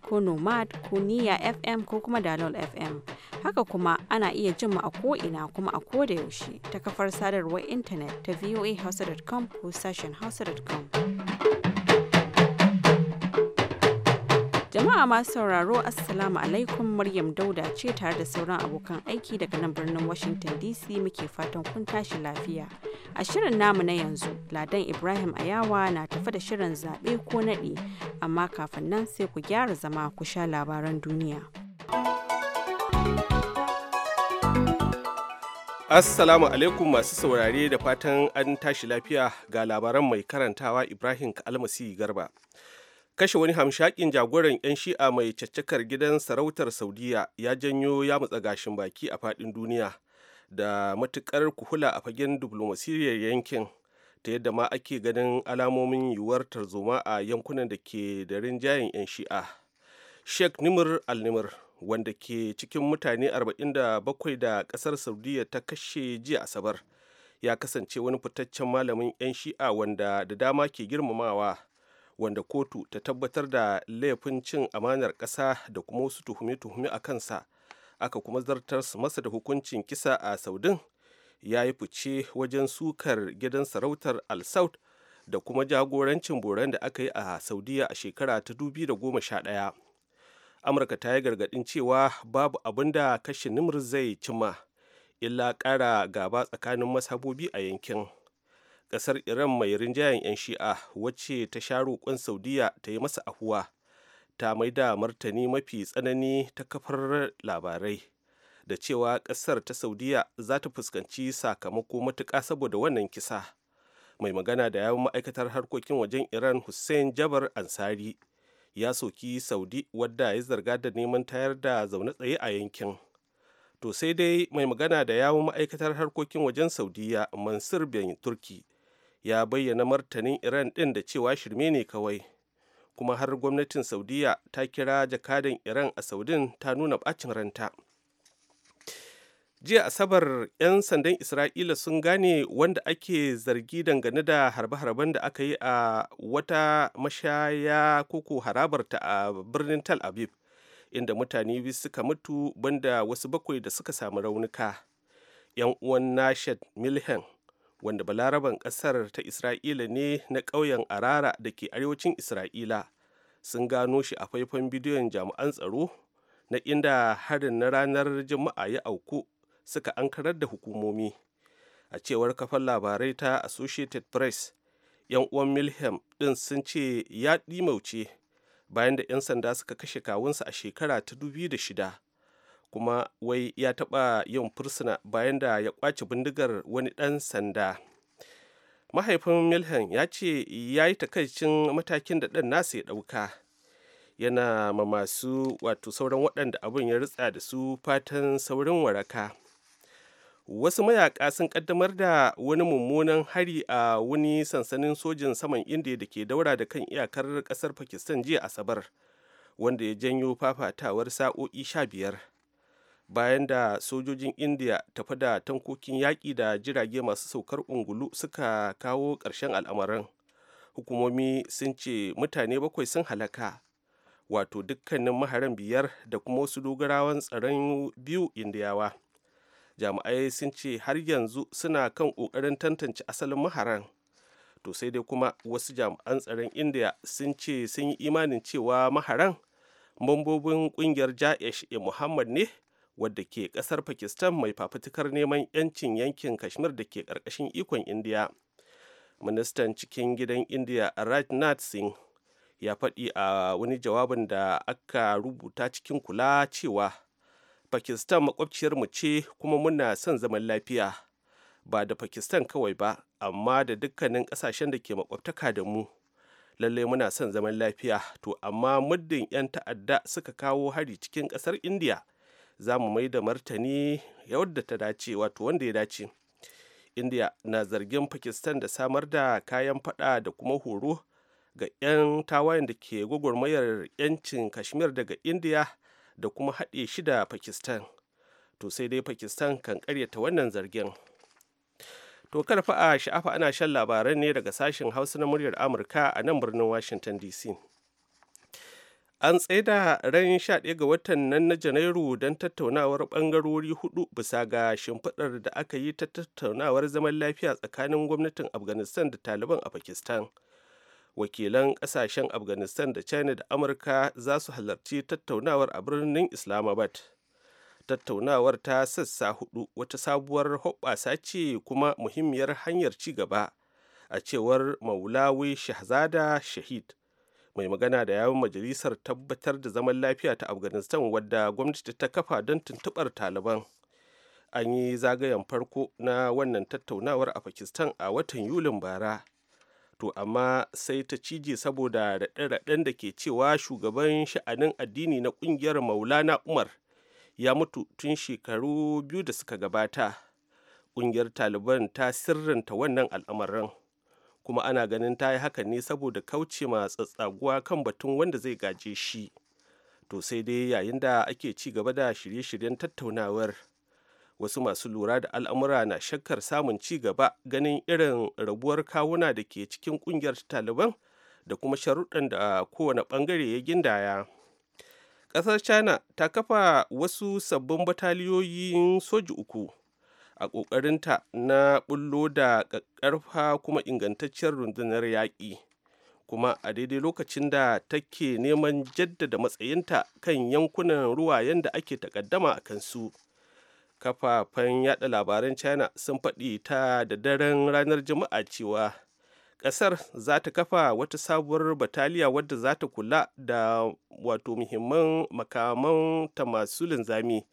ko nomad ko niya fm ko kuma dalol fm haka kuma ana iya jin mu a ko'ina kuma a ko da yaushe ta kafar sadarwar intanet ta voahausa.com ko sashen hausa.com Jama'a masu sauraro Assalamu alaikum Maryam Dauda ce tare da sauran abokan aiki daga nan birnin Washington DC muke fatan kun tashi lafiya. A shirin namu na yanzu, Ladan Ibrahim Ayawa na tafi da shirin zaɓe ko naɗe, amma kafin nan sai ku gyara zama ku sha labaran duniya. Assalamu alaikum masu saurare da fatan an tashi lafiya ga labaran mai karantawa Ibrahim Kalmasi Garba. kashe wani hamshakin jagoran 'yan shi'a mai caccakar gidan sarautar saudiya ya janyo ya matsa gashin baki a fadin duniya da matukar kuhula a fagen diplomasiriyar yankin ta yadda ma ake ganin alamomin yiwuwar tarzoma a yankunan da ke da rinjayen 'yan shi'a sheikh nimr al-nimr wanda ke cikin mutane 47 da kasar saudiya ta kashe jiya asabar ya kasance wani fitaccen malamin 'yan shi'a wanda da dama ke girmamawa wanda kotu ta tabbatar da laifin cin amanar ƙasa da kuma wasu tuhume-tuhume a kansa aka kuma zartar su masa da hukuncin kisa a saudin ya yi fice wajen sukar gidan sarautar al saud da kuma jagorancin boran da aka yi a saudiya a shekara ta da goma sha 2011 amurka ta yi gargadin cewa babu abin da kashi nimr zai cima illa ƙara gaba tsakanin masabobi a yankin kasar iran mai rinjayen 'yan shi'a wacce ta sha roƙon saudiya ta yi masa ahuwa ta mai da martani mafi tsanani ta kafar labarai da cewa kasar ta saudiya za ta fuskanci sakamako matuƙa saboda wannan kisa mai magana da yawon ma'aikatar harkokin wajen iran hussein jabar ansari ya soki saudi wadda ya zarga da neman tayar da zaune tsaye a yankin to sai dai mai magana da yawon ma'aikatar harkokin wajen saudiya mansur bin turki ya bayyana martanin iran ɗin da cewa shirme ne kawai kuma har gwamnatin saudiya ta kira jakadan iran a saudin ta nuna ɓacin ranta jiya asabar 'yan sandan isra'ila sun gane wanda ake zargi dangane da harbe-harben da aka yi a wata mashaya koko harabarta a birnin Tal aviv inda mutane biyu suka mutu banda wasu bakwai da suka samu raunuka 'yan uwan nashad milhen wanda balaraban ƙasar ta isra'ila ne na ƙauyen arara da ke arewacin isra'ila sun gano shi a faifan bidiyon jami'an tsaro na inda harin na ranar juma'a ya auku suka ankarar da hukumomi a cewar kafar labarai ta associated press yan uwan milham din sun ce ya ɗi mauce, bayan da 'yan sanda suka kashe kawunsa a shekara ta 2006 kuma wai ya taɓa yin fursuna bayan da ya kwace bindigar wani ɗan sanda mahaifin milhan ya ce ya yi takaicin matakin da ɗan nasa ya ɗauka yana ma masu wato sauran waɗanda abin ya ritsa da su fatan saurin waraka wasu mayaka sun kaddamar da wani mummunan hari a wani sansanin sojin saman indiya da ke daura da kan iyakar ƙasar pakistan jiya asabar wanda ya janyo fafatawar sa'o'i sha biyar bayan da sojojin indiya tafi da tankokin yaƙi da jirage masu saukar ungulu suka kawo ƙarshen al'amarin hukumomi sun ce mutane bakwai sun halaka wato dukkanin maharan biyar da kuma wasu dogarawan tsaron biyu indiyawa jami'ai sun ce har yanzu suna kan ƙoƙarin tantance asalin maharan to sai dai kuma wasu jami'an tsaron indiya sun ce sun yi imanin cewa maharan mambobin ƙungiyar ja'ish muhammad ne wadda ke kasar pakistan mai fafutukar neman 'yancin yankin kashmir da ke karkashin ikon indiya ministan cikin gidan indiya rajnath singh ya faɗi a wani jawabin da aka rubuta cikin kula cewa pakistan makwabciyarmu ce kuma muna son zaman lafiya ba da pakistan kawai ba amma da dukkanin ƙasashen da ke makwabtaka da mu lallai muna son zaman lafiya to amma muddin 'yan ta'adda suka kawo hari cikin ƙasar indiya za mu mai da martani yadda ta dace wato wanda ya dace india na zargin pakistan da samar da kayan fada da kuma horo ga 'yan tawayen da ke gwagwarmayar 'yancin kashmir daga india da kuma haɗe shi da pakistan to sai dai pakistan kan karyata wannan zargin to karfa a sha'afa ana shan labaran ne daga sashen hausa na muryar amurka a nan birnin washington dc an tsaida ran 11 ga watan nan na janairu don tattaunawar bangarori hudu bisa ga shimfiɗar da aka yi ta tattaunawar zaman lafiya tsakanin gwamnatin afghanistan da taliban a pakistan wakilan ƙasashen afghanistan da china da amurka za su halarci tattaunawar a birnin islamabad tattaunawar ta sassa hudu wata sabuwar hoɓɓasa ce kuma muhimmiyar hanyar ci gaba a cewar maulawi shahzada shahid mai magana da yawun majalisar tabbatar da zaman lafiya ta afghanistan wadda gwamnati ta kafa don tuntubar taliban an yi zagayen farko na wannan tattaunawar a pakistan a watan yulin bara to amma sai ta cije saboda raɗe-raɗen da ke cewa shugaban sha'anin addini na ƙungiyar maulana umar ya mutu tun shekaru biyu da suka gabata ƙungiyar taliban ta sirrinta wannan al'amarin kuma ana ganin ta yi hakan ne saboda kauce ma tsatsaguwa kan batun wanda zai gaje shi to sai dai yayin da ake ci gaba da shirye-shiryen tattaunawar wasu masu lura da al'amura na shakkar samun ci gaba ganin irin rabuwar kawuna da ke cikin kungiyar taliban da kuma sharuɗan da kowane ɓangare ya gindaya ƙasar china ta kafa wasu sabbin bataliyoyin soji uku a ƙoƙarinta na bullo da ƙarfa kuma ingantacciyar rundunar yaƙi kuma a daidai lokacin da take neman jaddada matsayinta kan yankunan ruwayen da ake takaddama a kansu kafafen yada labaran china sun faɗi ta da daren ranar juma'a cewa ƙasar za ta kafa wata sabuwar bataliya wadda za ta kula da wato muhimman makaman ta masu linzami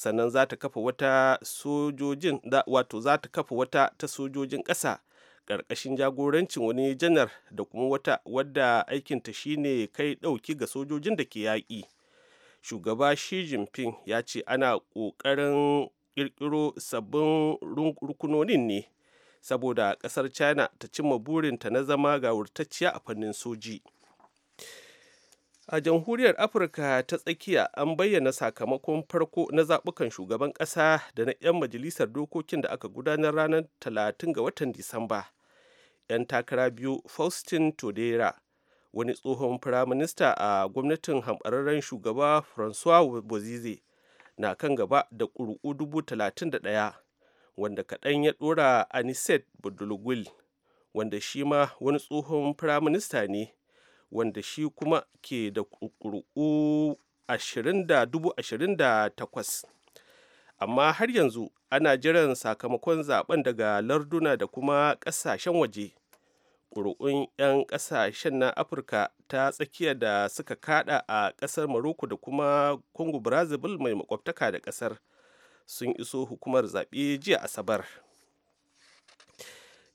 sannan za ta kafa wata sojojin wato za ta kafa wata ta sojojin ƙasa ƙarƙashin jagorancin wani janar da kuma wata wadda aikinta shine kai ɗauki ga sojojin da ke yaƙi shugaba shi jinping ya ce ana ƙoƙarin ƙirƙiro sabbin rukunonin ne saboda ƙasar china ta cimma burinta na zama gawurtacciya a fannin soji. a jamhuriyar afirka ta tsakiya an bayyana sakamakon farko na zaɓukan shugaban ƙasa da na 'yan majalisar dokokin da aka gudanar ranar 30 ga watan disamba 'yan takara biyu faustin todera wani tsohon firaminista a gwamnatin hamɓararren shugaba francois bozize na kan gaba da ƙuri'u ɗaya, wanda kaɗan ya ɗora aniset budulgul wanda shi ma wani tsohon firaminista ne wanda shi kuma ke da ƙuri'u takwas amma har yanzu ana jiran sakamakon zaben daga larduna da kuma ƙasashen waje ƙuri'un 'yan ƙasashen na afirka ta tsakiya da suka kada a ƙasar maroko da kuma congo brazil mai makwabtaka da ƙasar sun iso hukumar zaɓe jiya asabar.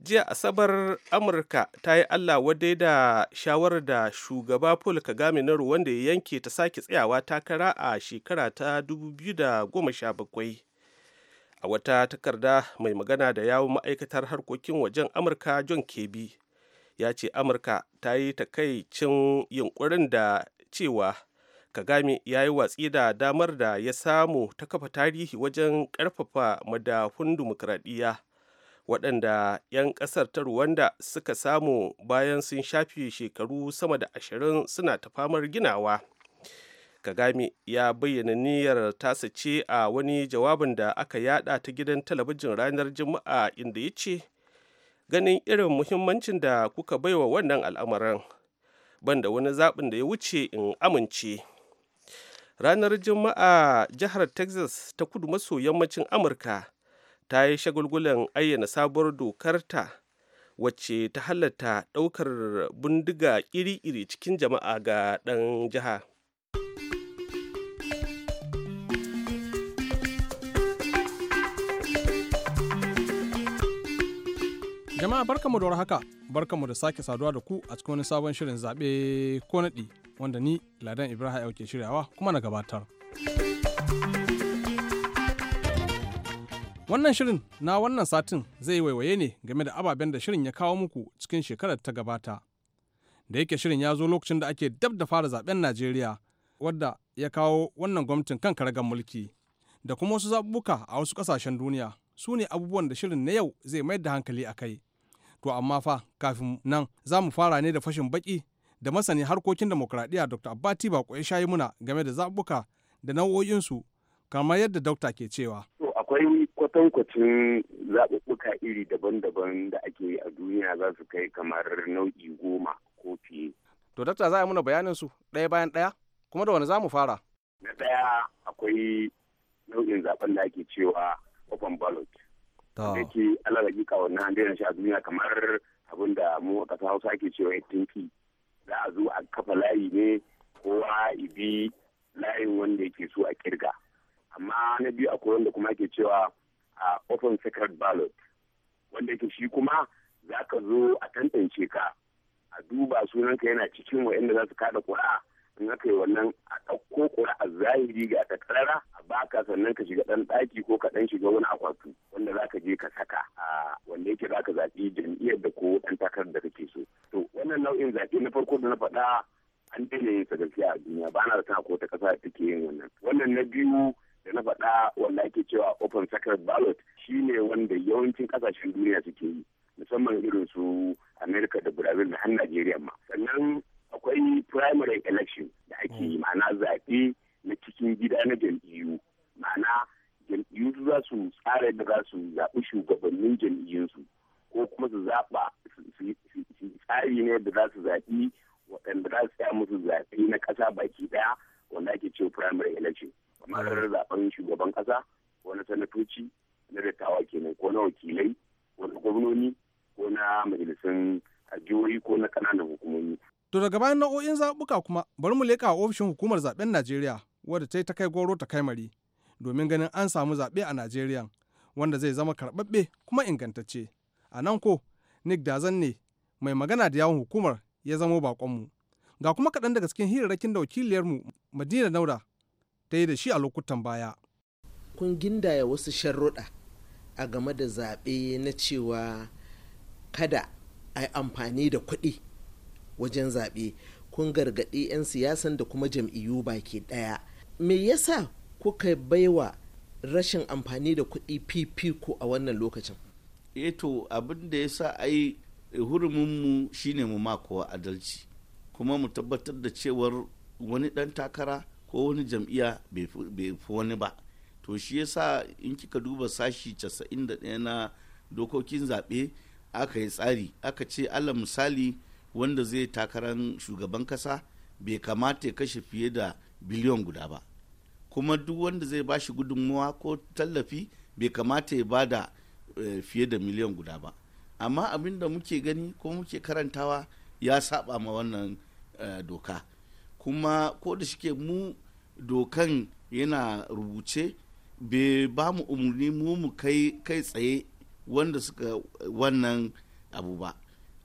jiya asabar amurka ta yi allah wadai da shawarar da shugaba paul kagame na wanda ya yanke ta sake tsayawa takara a shekara ta 2017 a wata takarda mai magana da yawon ma'aikatar harkokin wajen amurka john kebi ya ce amurka ta yi takaicin yunkurin da cewa kagame ya yi watsi da damar da ya samu ta kafa tarihi wajen karfafa madafun dimokuraɗiyya waɗanda 'yan ƙasar ta Rwanda suka samu bayan sun shafe shekaru sama da ashirin suna ta famar ginawa. Kagame ya bayyana niyyar tasa ce a wani jawabin da aka yada ta gidan talabijin ranar Juma'a inda ya ce, Ganin irin muhimmancin da kuka baiwa wannan al'amarin, banda wani zaɓin da ya wuce in amince. Ranar Juma'a jihar Texas ta kudu maso yammacin Amurka ta yi shagulgulan ayyana sabuwar dokarta wacce ta halatta ɗaukar bindiga iri-iri cikin jama'a ga ɗan jiha. Jama'a barkamu da haka barkamu da sake saduwa da ku a cikin wani sabon shirin zaɓe ko naɗi wanda ni Ladan Ibrahim ke shiryawa kuma na gabatar. Wannan shirin na wannan satin zai waiwaye ne game da ababen da shirin ya kawo muku cikin shekarar ta gabata. Da yake shirin ya zo lokacin da ake dab da fara zaben Najeriya wadda ya kawo wannan gwamnatin kan karagar mulki da kuma wasu zaɓuɓɓuka a wasu ƙasashen duniya su ne abubuwan da shirin na yau zai mayar da hankali a kai. To amma fa kafin nan za mu fara ne da fashin baƙi da masani harkokin demokuraɗiyya Dr. Abbati Bako ya shayi muna game da zaɓuɓɓuka da nau'o'insu kamar yadda dokta ke cewa. kwatankwacin zaɓuɓɓuka iri daban-daban da ake yi a duniya za su kai kamar nau'i goma ko fiye. To, dakta za a muna bayanin su ɗaya bayan ɗaya? Kuma da wani za mu fara? Na ɗaya akwai nau'in zaɓen da ake cewa open ballot. Da ke alal hakika wannan an daina shi a duniya kamar abin da mu a ƙasa Hausa ake cewa tinki. Za a zo a kafa layi ne kowa ibi layin wanda yake so a kirga. amma na biyu akwai wanda kuma ke cewa a open secret ballot wanda ke shi kuma za ka zo a tantance ka a duba sunanka yana cikin inda za su kada kura in aka yi wannan a ɗauko kura a zahiri ga ta karara a baka sannan ka shiga ɗan ɗaki ko ka ɗan shiga wani akwatu wanda za ka je ka saka a wanda yake za ka zaɓi jam'iyyar da ko ɗan takarar da kake so to wannan nau'in zaɓe na farko da na faɗa an daina yin sa gaskiya a duniya ba na da ko ta ƙasa take yin wannan wannan na biyu na faɗa wanda ake cewa open secret ballot shine wanda yawancin kasashen duniya suke yi musamman irin su america da brazil da har nigeria ma sannan akwai primary election da ake yi ma'ana zaɓe na cikin gida na jam'iyyu ma'ana jam'iyyu su za su tsara da za su zaɓi shugabannin jam'iyyunsu ko kuma su zaɓa su tsari ne da za su zaɓi waɗanda za su tsaya musu zaɓe na ƙasa baki ɗaya wanda ake cewa primary election kamar zaben shugaban kasa ko na sanatoci na dattawa kenan ko na wakilai ko na gwamnoni ko na majalisun jihohi ko na kananan hukumomi. To daga bayan nau'o'in zaɓuka kuma bari mu leƙa ofishin hukumar zaɓen Najeriya wadda ta yi ta kai goro ta kai domin ganin an samu zaɓe a Najeriya wanda zai zama karɓaɓɓe kuma ingantacce. A nan ko Nick Dazan ne mai magana da yawon hukumar ya zamo baƙonmu. Ga kuma kaɗan daga cikin hirarrakin da wakiliyarmu Madina Naura ta da shi a lokutan baya. Kun gindaya wasu sharruɗa a game da zaɓe na cewa kada a yi amfani da kuɗi wajen zaɓe kun gargaɗi 'yan siyasan da kuma jam'iyyu baki ɗaya. Me yasa kuka baiwa rashin amfani da kuɗi fifiko a wannan lokacin? Eto eh abin da ya sa ai huruminmu shine mu makowa adalci kuma mu tabbatar da cewar wani ɗan takara ko wani jam'iyya bai fi wani ba to shi yasa in kika duba sashi 91 na dokokin zaɓe aka yi tsari aka ce allah misali wanda zai takarar shugaban kasa bai kamata ya kashe fiye da biliyon guda ba kuma duk wanda zai ba shi gudunmuwa ko tallafi bai kamata ya bada eh, fiye da miliyan guda ba amma abin da muke gani ko muke karantawa ya saba ma wannan eh, doka kuma ko da shike mu dokan yana rubuce bai ba mu umarni mu mu kai kai tsaye wanda suka wannan abu ba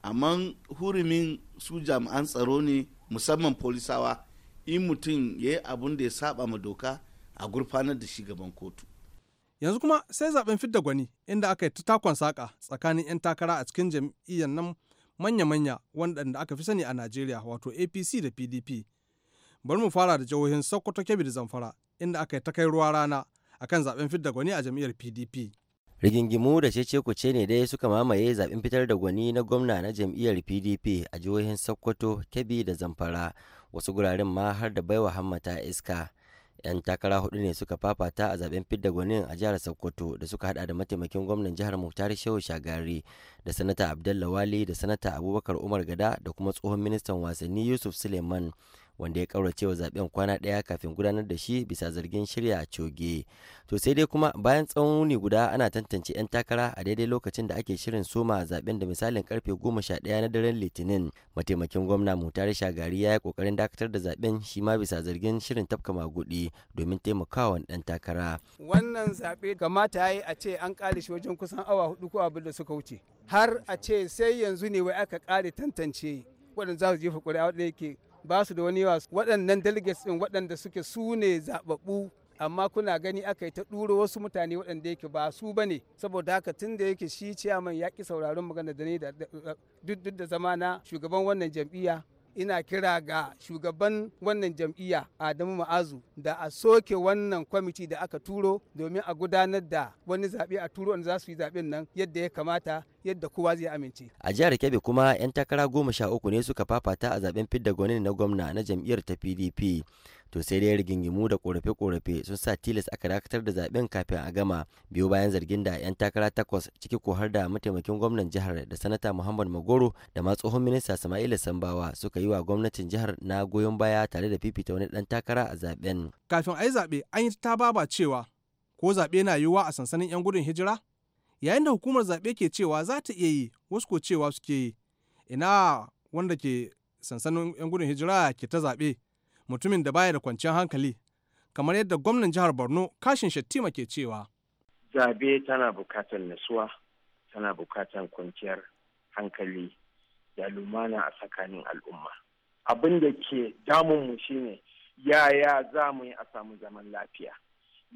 amma hurumin su jami'an tsaro ne musamman polisawa in mutum ya yi abun da ya saba ma doka a gurfanar da shi gaban kotu yanzu kuma sai zaben fidda gwani inda aka yi takon saka tsakanin 'yan takara a cikin jam'iyyar nan manya-manya wanda aka fi sani a najeriya wato apc da pdp Bari mu fara da jihohin Sokoto, Kebbi da Zamfara inda aka yi ta kai ruwa rana akan zaben fidda gwani a jam'iyyar PDP. rigingimu da cece ce ne dai suka mamaye zaben fitar da gwani na gwamna na jam'iyyar pdp a jihohin sokoto kebbi da zamfara wasu guraren ma har da baiwa hammata iska yan takara hudu ne suka fafata a zaben fidda gwanin a jihar sokoto da suka hada da mataimakin gwamnan jihar muktar shehu shagari da sanata abdullawali da sanata abubakar umar gada da kuma tsohon ministan wasanni yusuf suleiman wanda ya kaurace wa zaben kwana ɗaya kafin gudanar da shi bisa zargin shirya coge to sai dai kuma bayan tsawon guda ana tantance 'yan takara a daidai lokacin da ake shirin soma zaben da misalin karfe goma sha ɗaya na daren litinin mataimakin gwamna mutare shagari ya yi kokarin dakatar da zaben shi ma bisa zargin shirin tafka magudi domin taimakawa ɗan takara wannan zaɓe kamata ya yi a ce an ƙare shi wajen kusan awa hudu ko abin da suka wuce har a ce sai yanzu ne wai aka ƙare tantance waɗanda za su jefa ƙuri'a waɗanda yake ba su da wani yawa waɗannan delegates ɗin waɗanda suke su ne zaɓaɓɓu amma kuna gani aka yi ta ɗuro wasu mutane waɗanda yake ba su ba ne saboda haka tun da yake shi ciyaman ya ƙi sauraron magana da ne duk da zama na shugaban wannan jam'iyya ina kira ga shugaban wannan jam'iyya Adamu Ma'azu da a soke wannan kwamiti da aka turo domin a gudanar da wani zaɓe a turo wanda za su yi zaɓen nan yadda ya kamata yadda kowa zai amince. A jihar Kebbi kuma 'yan takara goma sha uku ne suka fafata a zaɓen fidda gwanin na gwamna na jam'iyyar ta PDP. to sai dai rigingimu da korafe-korafe sun sa tilas aka dakatar da zaben kafin a gama biyu bayan zargin da 'yan takara takwas ciki ko har da mataimakin gwamnan jihar da sanata muhammad magoro da ma tsohon minista sama'ila sambawa suka yi wa gwamnatin jihar na goyon baya tare da fifita wani dan takara a zaben kafin a yi zaɓe an yi ta baba cewa ko zaɓe na yiwuwa a sansanin 'yan gudun hijira yayin da hukumar zaɓe ke cewa za ta iya yi wasu ko cewa suke yi ina wanda ke sansanin 'yan gudun hijira ke ta zaɓe mutumin da baya da kwanciyar hankali kamar yadda gwamnan jihar borno kashin shattima ke cewa zabe tana bukatar nasuwa tana bukatar kwanciyar hankali da lumana a tsakanin al'umma abin da ke damunmu shine yaya za mu yi a samu zaman lafiya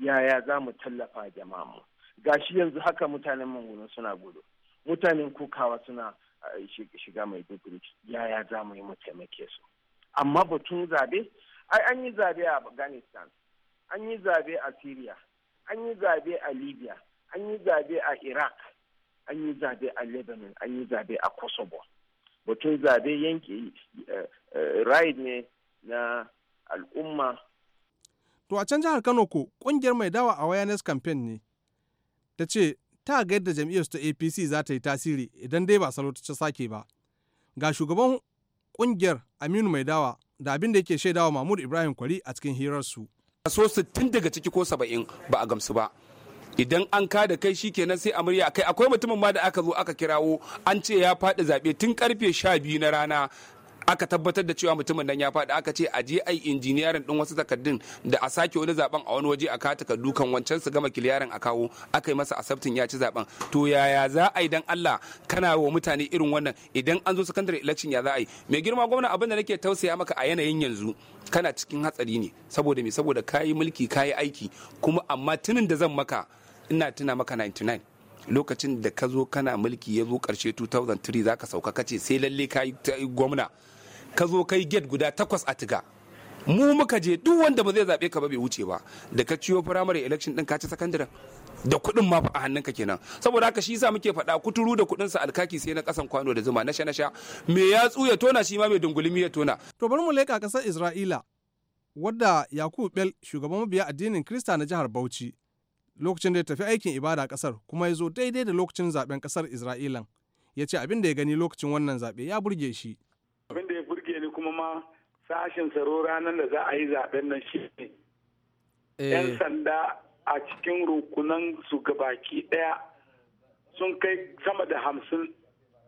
yaya za mu tallafa mu gashi yanzu haka mutanen mangunu suna gudu mutanen kukawa suna eh, shiga mai duguri yaya za mu yi mu taimake su amma batun zabe ai an yi zabe a afghanistan an yi zabe a syria an yi zabe a libya an yi zabe a iraq an yi zabe a lebanon an yi zabe a kosovo batun zabe yanke eh, eh, raid ne na al'umma to a can jihar kano ko kungiyar mai dawa a awareness campaign ne ta ce ta ga yadda jam'iyyar ta apc za ta yi tasiri idan dai ba salo ta sake ba ga shugaban kungiyar Aminu Maidawa da abin da yake shaidawa Mahmud Ibrahim Kwari a cikin hirarsu. Kaso 60 daga ciki ko saba'in ba a gamsu ba. idan an ka da kai shikenan sai amarya murya kai akwai mutumin ma da aka zo aka kirawo an ce ya faɗi zaɓe tun karfe sha biyu na rana aka tabbatar da cewa mutumin nan ya faɗi aka ce a je ai injiniyarin din wasu takardun da a sake wani zaben a wani waje a kata takardu wancan su gama kiliyarin a kawo aka yi masa asabtin ya ci zaben to yaya za a yi dan Allah kana wa mutane irin wannan idan an zo sakandare election ya za a yi mai girma gwamna abin da nake tausaya maka a yanayin yanzu kana cikin hatsari ne saboda me saboda kayi mulki kayi aiki kuma amma tunin da zan maka ina tuna maka 99 lokacin da ka zo kana mulki ya zo karshe 2003 za ka sauka kace sai lalle ka kayi gwamna ka zo kai gate guda takwas a tiga mu muka je duk wanda ba zai zaɓe ka ba bai wuce ba da ka ciyo firamare election din ka ci sakandaren da kuɗin ma a hannunka kenan saboda haka shi sa muke faɗa kuturu da kuɗin sa alkaki sai na ƙasan kwano da zuma na sha na sha me ya ya tona shi ma mai dungulmi ya tona to bari mu leƙa kasar Isra'ila wadda Yakubu Bel shugaban mabiya addinin Krista na jihar Bauchi lokacin da ya tafi aikin ibada kasar kuma ya zo daidai da lokacin zaben kasar Isra'ilan ya ce abin da ya gani lokacin wannan zaɓe ya burge shi kuma ma sashen tsaro ranar da za a yi zaben nan shi ne. Eh. Yan sanda a cikin rukunan su gabaki ɗaya sun kai sama da hamsin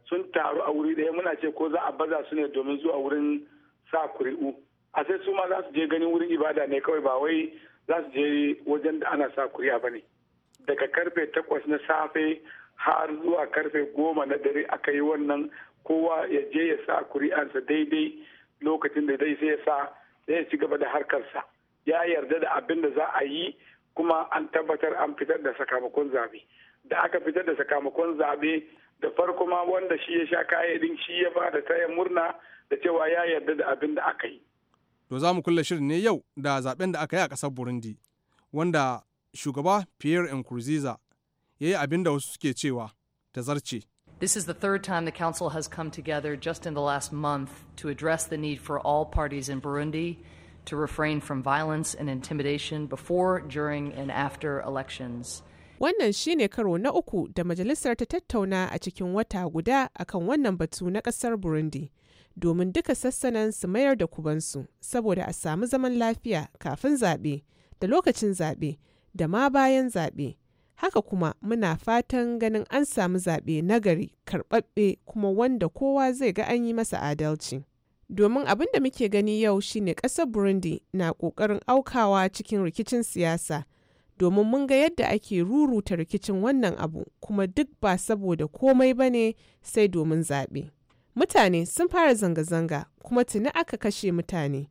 sun taru a wuri daya muna ce ko za a baza su ne domin zuwa wurin sa kuri'u. A sai su ma za su je ganin wurin ibada ne kawai ba wai za su je wajen da ana sa kuri'a ba ne. Daga karfe takwas na safe har zuwa karfe goma na dare aka yi wannan kowa ya je ya sa kuri'ansa daidai lokacin da zai sai ya sa zai ci gaba da harkarsa ya yarda da abin da za a yi kuma an tabbatar an fitar da sakamakon zabe da aka fitar da sakamakon zabe da farko ma wanda shi ya sha kayyadin shi ya ba da tayan murna da cewa ya yarda da abin da aka yi to za mu kulle shirin ne yau da zaben da aka yi a kasar burundi wanda shugaba pierre nkurunziza ya yi abin da wasu suke cewa ta zarce This is the third time the Council has come together just in the last month to address the need for all parties in Burundi to refrain from violence and intimidation before, during, and after elections. Wannan shi ne karo na uku da majalisar ta tattauna a cikin wata guda akan wannan batu na ƙasar Burundi domin duka sassanan su mayar da kubansu saboda a samu zaman lafiya kafin zaɓe da lokacin zaɓe da ma bayan zaɓe. haka kuma muna fatan ganin an samu zaɓe nagari karɓaɓɓe kuma wanda kowa zai ga an yi masa adalci domin abin da muke gani yau shine ƙasar burundi na ƙoƙarin aukawa cikin rikicin siyasa domin mun ga yadda ake ruruta rikicin wannan abu kuma duk ba saboda komai ba ne sai domin zaɓe mutane sun fara zanga-zanga kuma tuni aka kashe mutane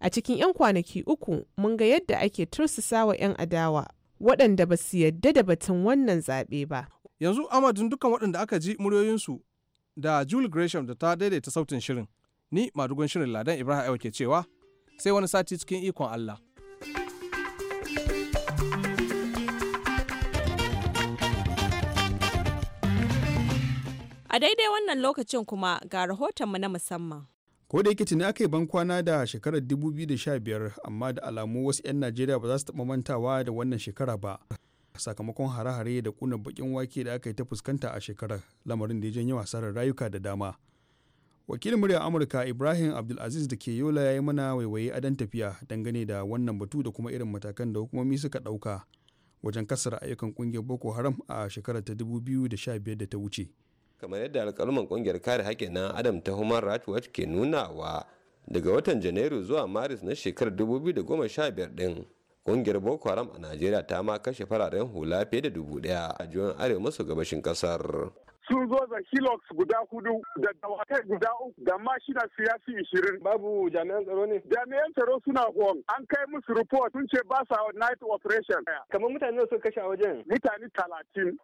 a cikin 'yan kwanaki uku mun ga yadda ake tursasawa 'yan adawa waɗanda ba su yadda da batun wannan zaɓe ba. Yanzu amadin dukkan waɗanda aka ji muryoyinsu da Julie Gresham da ta daidaita sautin shirin. Ni madugun shirin Ladan Ibrahim ke cewa sai wani sati cikin ikon Allah. A daidai wannan lokacin kuma ga rahotonmu na musamman. ko da yake tuni aka yi bankwana da shekarar 2015 amma da alamu wasu 'yan najeriya ba za su taɓa mantawa da wannan shekara ba sakamakon hare-hare da kuna bakin wake da aka yi ta fuskanta a shekarar lamarin da ya janyo hasarar rayuka da dama wakilin murya amurka ibrahim abdulaziz da ke yola ya yi mana waiwaye a dan tafiya dangane da wannan batu da kuma irin matakan da hukumomi suka ɗauka wajen kasar ayyukan kungiyar boko haram a shekarar ta 2015 da ta wuce kamar yadda alkaluman kungiyar kare haƙƙin na adam ta human rights watch ke nunawa daga watan janairu zuwa maris na shekarar 2015 din kungiyar boko haram a najeriya ta ma kashe fararen hula fiye da dubu daya a juyan arewa maso gabashin kasar sun zo da hilux guda hudu da dawakai guda uku da mashina siyasi ishirin. Babu jami'an tsaro ne? Jami'an tsaro suna huwan. An kai musu report sun ce ba sa night operation. Kamar mutane sun kashe a wajen? Mutane talatin.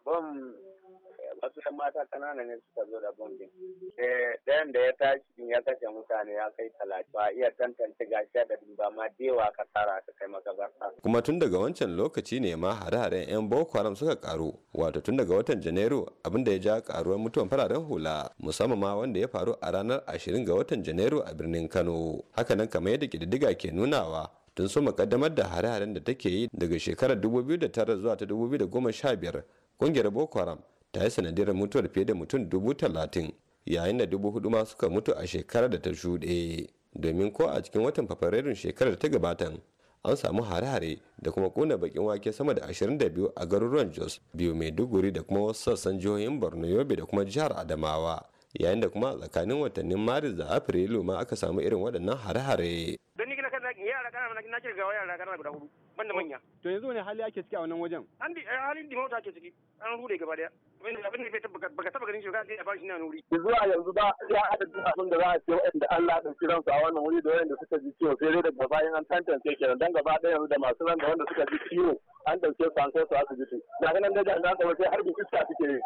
wasu yan mata kanana ne suka zo da bombin eh, ɗayan da ya tashi ya kashe mutane ya kai talatin ba iya tantance gashi da ba ma dewa kasara ta kai makabarta kuma tun daga wancan lokaci ne ma hare-haren yan boko haram suka karu wato tun daga watan janairu abin da ya ja karuwar mutuwan fararen hula musamman ma wanda ya faru a ranar ashirin ga watan janairu a birnin kano hakanan kamar yadda kididiga ke nunawa tun so makaddamar da hare-haren da take yi daga shekarar 2009 zuwa ta 2015 kungiyar boko haram ta yi sanadiyar mutuwar fiye da mutum dubu talatin yayin da dubu hudu ma suka mutu a shekarar da ta shuɗe domin ko a cikin watan fabrairun shekarar da ta gabatan an samu hare-hare da kuma kona bakin wake sama da 22 a garuruwan jos biyu mai duguri da kuma wasu sassan jihohin borno yobe da kuma jihar adamawa yayin da kuma tsakanin watannin maris da afrilu ma aka samu irin waɗannan hare-hare. banda oh, manya to yanzu wani hali ake ciki a wannan wajen an eh, halin mota ake ciki an rude gaba daya wani abin da bai baka taba ganin shi sai a bashi na nuri yanzu a yanzu ba ya hada duk abin da za a ce waɗanda Allah ya dauki su a wannan wuri da wanda suka ji ciwo sai dai daga bayan an tantance kenan dan gaba daya yanzu da masu ran da wanda suka ji ciwo an dauke su an kai su asibiti da nan da jami'an tsaro sai har bi iska suke ne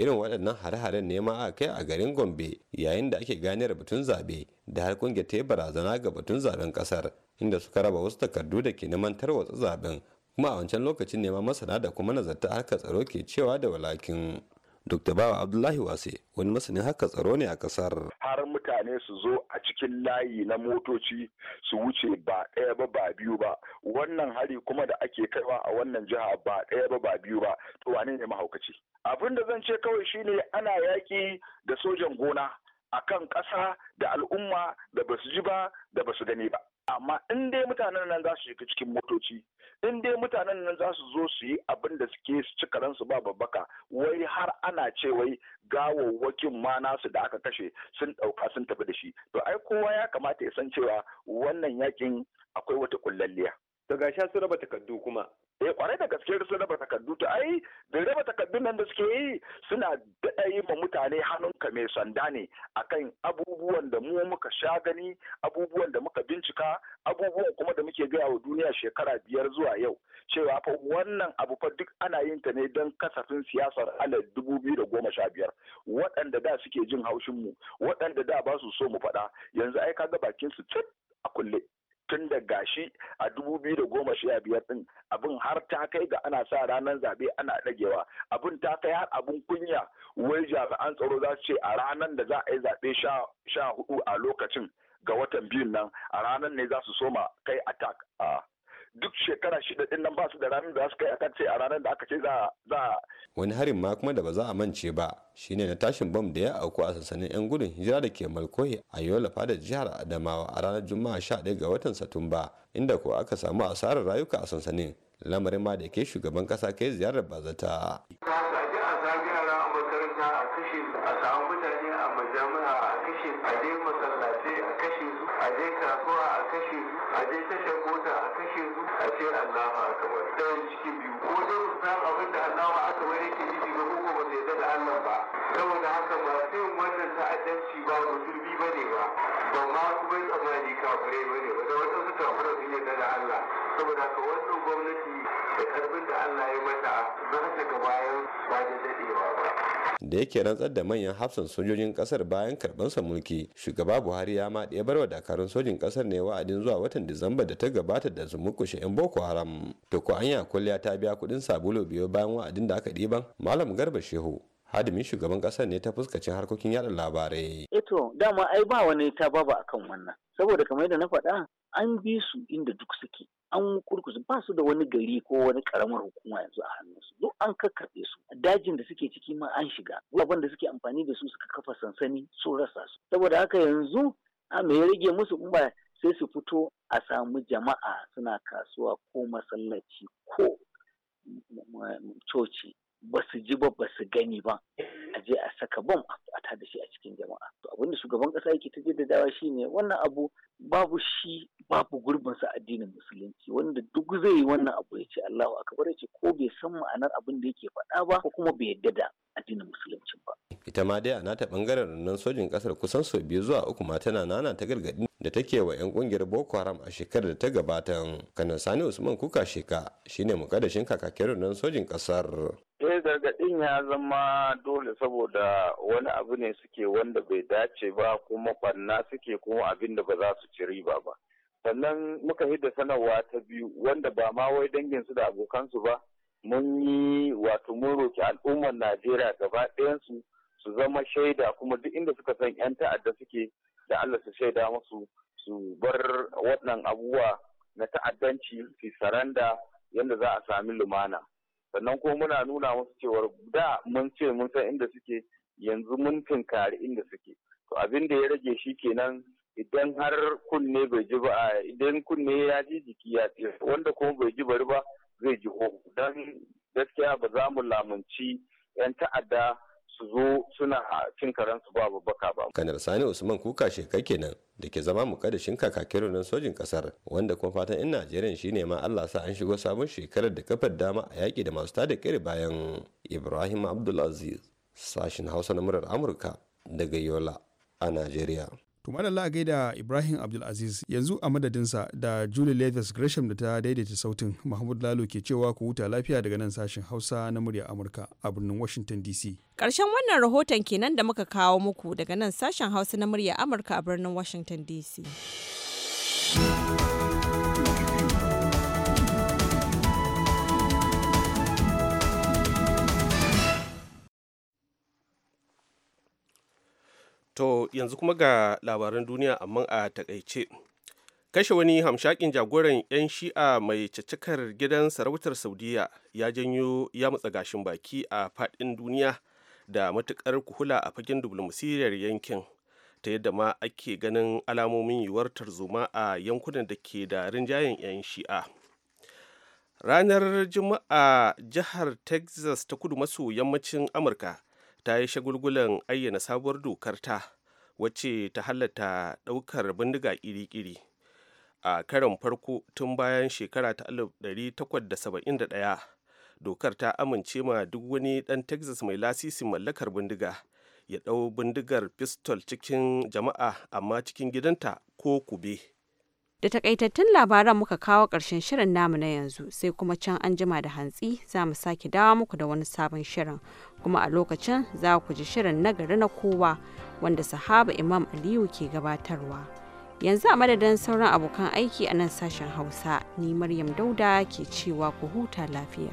irin waɗannan hare-haren ne ma a kai a garin gombe yayin da ake ganiyar batun zabe da har kungiyar ta yi barazana ga batun zaben kasar inda suka raba wasu takardu da ke neman tarwatsa zaben kuma a wancan lokacin nema masana da kuma nazarta harkar tsaro ke cewa da walakin Dr. Bawa Abdullahi Wase wani masanin haka tsaro ne a kasar. Har mutane su zo a cikin layi na motoci su wuce ba ɗaya ba ba biyu ba. Wannan hari kuma da ake kaiwa a wannan jiha ba ɗaya ba ba biyu ba. To wane ne mahaukaci? Abin da zan ce kawai shine ana yaƙi da sojan gona. a kan ƙasa da al'umma da basu ji ba da basu gani ba amma in dai mutanen nan za su shiga cikin motoci in dai mutanen nan za su zo su yi abin da suke su ci karansu ba babbaka wai har ana ce wai gawawwakin ma nasu da aka kashe sun ɗauka sun tafi da shi to ai kowa ya kamata ya san cewa wannan yakin akwai wata kullalliya Da ga sha su raba takardu kuma eh kwarai da gaske su raba takardu to ai da raba takardun nan da suke yi suna daɗa yi ma mutane hannunka mai sanda ne akan abubuwan da mu muka sha gani abubuwan da muka bincika abubuwan kuma da muke gaya wa duniya shekara biyar zuwa yau cewa fa wannan abu fa duk ana yin ta ne don kasafin siyasar alal dubu biyu da goma sha biyar waɗanda da suke jin haushin mu waɗanda da ba su so mu faɗa yanzu ai ka ga bakin su tsit a kulle tun da gashi a dubu biyu da goma sha biyar din abin har ta kai ga ana sa ranar zaɓe ana ɗagewa abin ta kai har abin kunya wai jami'an tsaro za su ce a ranar da za a yi zaɓe sha hudu a lokacin ga watan biyun nan a ranar ne za su soma kai attack a duk shekara shida din nan ba su da ranar da za su kai akan ce a ranar da aka ce za za wani harin ma kuma da ba za a mance ba shine na tashin bom da ya auku a sansanin yan gudun hijira da ke malkohi a yola da jihar adamawa a ranar juma'a 11 ga watan satumba inda ko aka samu asarar rayuka a sansanin lamarin ma da ke shugaban kasa kai ziyarar bazata haka wannan gwamnati da karfin da Allah ya mata za ta ga bayan ba da dadewa ba. Da yake rantsar da manyan hafsan sojojin kasar bayan karbansa mulki, shugaba Buhari ya ma ɗaya barwa dakarun sojin kasar ne wa'adin zuwa watan Disamba da ta gabata da zumukushe 'yan Boko Haram. To ko anya kulliya ta biya kuɗin sabulu biyo bayan wa'adin da aka ɗeba Malam Garba Shehu hadimin shugaban kasar ne ta fuskacin harkokin yada labarai. Eto eh dama ai ba wani ta baba akan wannan saboda kamar yadda na faɗa an bi su inda duk suke an kurkusa ba su da wani gari ko wani karamar hukuma yanzu a hannunsu duk an kakkaɓe su dajin da suke ciki ma an shiga wabban da suke amfani da su suka kafa sansani sun rasa su saboda haka yanzu a me ya rage musu in sai su fito a samu jama'a suna kasuwa ko masallaci ko mm, mm, mm, coci ba su ji ba ba su gani ba a je a saka bom a tada shi a cikin jama'a to abin da shugaban kasa yake ta je da shi ne, wannan abu babu shi babu gurbin sa addinin musulunci wanda duk zai yi wannan abu ya ce Allahu akbar ya ce ko bai san ma'anar abin da yake faɗa ba ko kuma bai yadda da addinin musulunci ba ita ma dai a nata bangaren nan sojin kasar kusan sau biyu zuwa uku ma tana nana ta gargaɗi da take wa 'yan kungiyar boko haram a shekarar da ta gabata kanan sani usman kuka sheka shine mukaddashin kakakin nan sojin kasar gargaɗin ya zama dole saboda wani abu ne suke wanda bai dace ba kuma ɓanna suke kuma abin da ba za su ci riba ba sannan muka yi hidda sanarwa ta biyu wanda ba ma wai danginsu da abokansu ba mun yi wato mun roki al'ummar najeriya gaba ɗayansu su zama shaida kuma duk inda suka san 'yan ta'adda suke da allah su shaida musu su bar waɗannan abubuwa na ta'addanci su saranda yadda za a sami lumana sannan kuma muna nuna musu cewar da mun ce mun san inda suke yanzu mun tunkari inda suke to abin da ya rage shi kenan idan har kunne bai ji ba idan kunne ya ji jiki ya ce wanda kuma bai ji bari ba zai ji hoho don gaskiya ba za mu lamunci 'yan ta'adda su zo suna cin karensu ba babbaka ba. Kanar Sani Usman kuka sheka kenan da ke zama mu shinka kakakin rundunar sojin kasar wanda kuma fatan in Najeriya ne ma Allah sa an shigo sabon shekarar da kafar dama a yaki da masu tada kiri bayan Ibrahim Abdulaziz sashin Hausa na murar Amurka daga Yola a Najeriya. To madalla gaida Ibrahim Abdulaziz yanzu a madadinsa da Julie levis Gresham da ta daidaita sautin Mahmud Lalo ke cewa ku huta lafiya daga nan sashen Hausa na murya Amurka a birnin Washington DC. Karshen wannan rahoton kenan da muka kawo muku daga nan sashen Hausa na murya Amurka a birnin Washington DC. To yanzu kuma ga labaran duniya amma a takaice. Kashe wani hamshakin jagoran 'yan shi'a mai caccakar gidan sarautar Saudiya ya janyo ya matsa gashin baki a faɗin duniya da matukar kuhula a fagen diplomasiyar yankin ta yadda ma ake ganin alamomin yiwuwar tarzoma a yankunan da ke da rinjayen 'yan shi'a. Ranar Juma'a jihar Texas ta kudu maso yammacin Amurka ta yi shagulgulan ayyana sabuwar dokar ta wacce ta halatta daukar bindiga iri-iri a karon farko tun bayan shekara ta 1871 dokar ta amince ma duk wani dan texas mai lasisin mallakar bindiga ya dau bindigar pistol cikin jama'a amma cikin gidanta ko kube. Da takaitattun labaran muka kawo ƙarshen shirin namu na yanzu sai kuma can an jima da hantsi za mu sake dawo muku da wani sabon shirin. kuma a lokacin za ku ji shirin nagari na kowa wanda sahaba imam aliyu ke gabatarwa yanzu a madadin sauran abokan aiki a nan sashen hausa ni maryam dauda ke cewa ku huta lafiya.